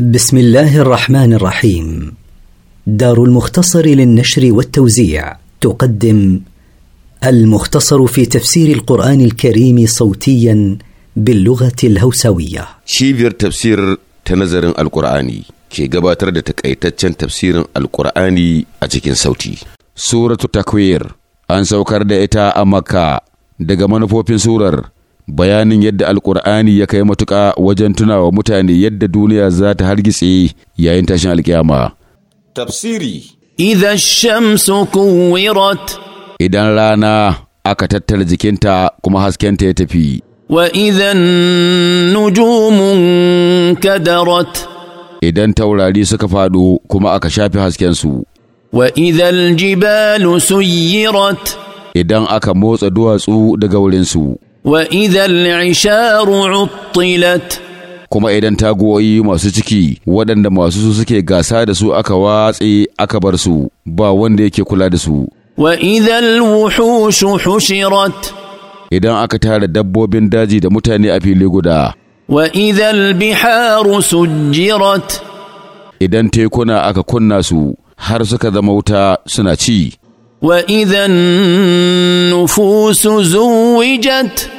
بسم الله الرحمن الرحيم دار المختصر للنشر والتوزيع تقدم المختصر في تفسير القرآن الكريم صوتيا باللغة الهوسوية شيفير تفسير تنظر القرآني كي قباتر تكأيتتشن تفسير القرآني أتكين صوتي سورة التكوير أنسو سوكر دائتا أمكا دقمان فوبين سورر bayanin yadda alkur'ani ya kai matuƙa wajen tunawa mutane yadda duniya za ta hargitse yayin tashin alkiyama. Tafsiri Idan shamsu kuwirat Idan rana aka tattara jikinta kuma haskenta ya tafi. Wa idan nujumun kadarat Idan taurari suka faɗo kuma aka shafi haskensu. Wa idan jibalu suyirat Idan aka motsa duwatsu daga wurinsu. وإذا العشار عطلت kuma idan taguwoyi masu ciki waɗanda masu su suke gasa da su aka watse aka bar su ba wanda yake kula da su. Wa idal wuhushu hushirat Idan aka tara dabbobin daji da mutane a fili guda. Wa idal biharu sujjirat Idan tekuna aka kunna su har suka zama wuta suna ci. Wa idan nufusu zuwijat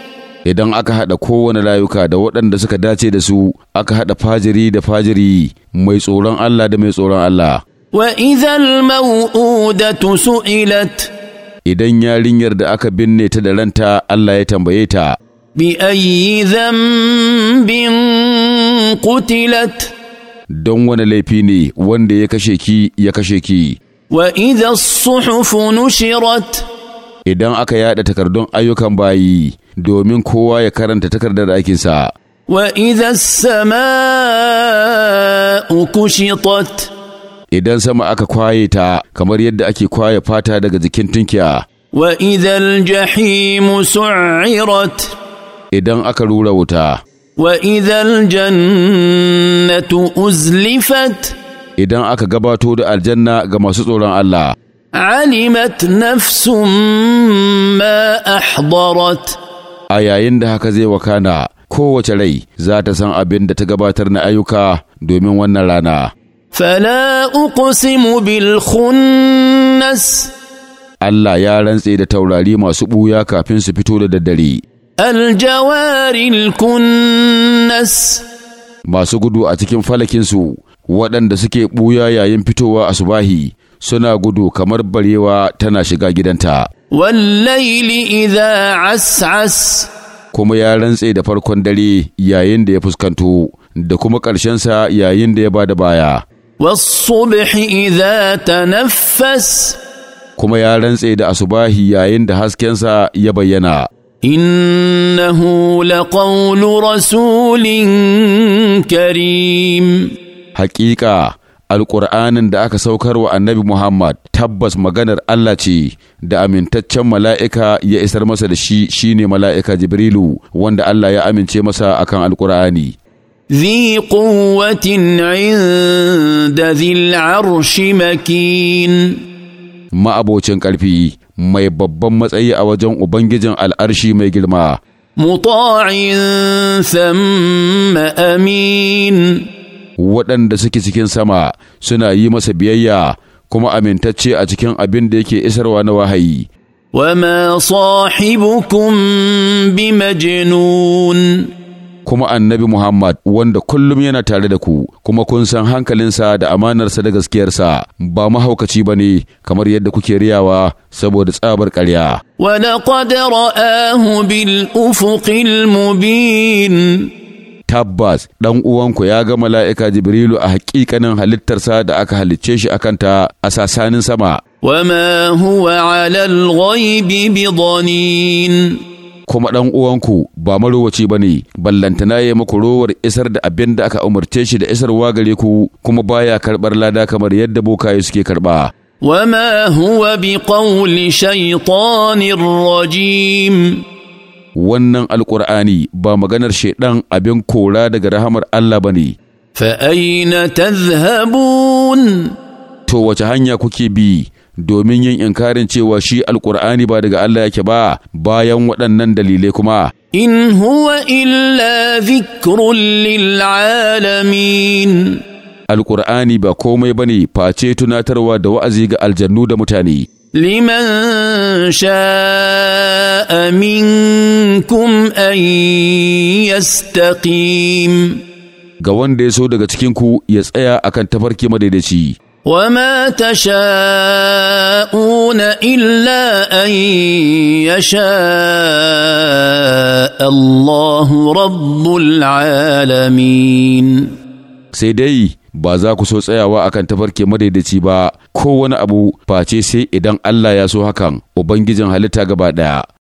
idan aka haɗa kowane layuka da waɗanda suka dace da su aka haɗa fajiri da fajiri mai tsoron Allah da mai tsoron Allah Wa da tusu su'ilat Idan yarinyar da aka binne ta da ranta Allah ya tambaye ta zan bin kutilat. don wani laifi ne wanda ya kashe ki ya kashe ki izal suhufu nushirat idan aka yada takardun ayyukan bayi domin kowa ya karanta takardar aikinsa. وإذا السماء كشطت idan sama aka kwaye ta kamar yadda ake kwaye fata daga jikin tunkiya wa idhal jahimu su'irat idan aka rura wuta wa idan jannatu uzlifat idan aka gabato da aljanna ga masu tsoron Allah alimat nafsun ma ahdarat a yayin da haka zai wakana kowace rai za ta san abin da ta gabatar na ayyuka domin wannan rana. Fala uqsimu bil khunnas Allah ya rantse da taurari masu ɓuya kafin su fito da daddare. Aljawaril kunnas Masu gudu a cikin falakinsu waɗanda suke ɓuya yayin fitowa a subahi suna gudu kamar barewa tana shiga gidanta. wallaili idha as'as kuma ya rantse da farkon dare yayin da ya fuskanto da kuma ƙarshensa yayin da ya ba da baya wasubhi ta tanaffas kuma ya rantse da asubahi yayin da haskensa ya bayyana innahu laqawlu rasulin karim haƙiƙa alƙur'anin da aka saukar wa annabi Muhammad tabbas maganar Allah ce da amintaccen mala'ika ya isar masa da shi shine mala'ika Jibrilu wanda Allah ya amince masa akan alƙur'ani. ذي قوة عند ذي العرش مكين ما أبوشن قلبي ما يببن مسأي أوجن أبنجن الأرش ما مطاع ثم أمين waɗanda suke cikin sama suna yi masa biyayya kuma amintacce a cikin abin da yake isarwa na wahayi. Wama sahibukum bi majnun kuma annabi Muhammad wanda kullum yana tare da ku kuma kun san hankalinsa da amanarsa da gaskiyarsa ba mahaukaci ba ne kamar yadda kuke riyawa saboda tsabar ƙarya. Wa laqad ra'ahu bil ufuqil mubin tabbas ɗan uwanku ya ga mala'ika Jibrilu a haƙiƙanin halittarsa da aka halicce shi akan ta a sasanin sama. Wama huwa alal bi bidanin. kuma ɗan uwanku ba marowaci ba ne ballantana ya maku rowar isar da abin da aka umarce shi da isarwa gare ku kuma baya karɓar lada kamar yadda bokaye suke karɓa. wama huwa بقول shaytanir rajim. wannan alkur'ani ba maganar shaiɗan abin kora daga rahamar Allah ba ne. Fa'aina tazhabun To wace hanya kuke bi domin yin inkarin cewa shi alkur'ani ba daga Allah yake ba bayan waɗannan dalilai kuma. In huwa illa zikrun alamin. Alkur'ani ba komai ba ne face tunatarwa da wa'azi ga aljannu da mutane. لمن شاء منكم أن يستقيم ga wanda ya so daga cikinku ya tsaya akan tafarki وما تشاءون إلا أن يشاء الله رب العالمين سيدي ba za ku so tsayawa akan tafarki madaidaci ba ko wani abu face sai idan Allah ya so hakan ubangijin halitta gaba ɗaya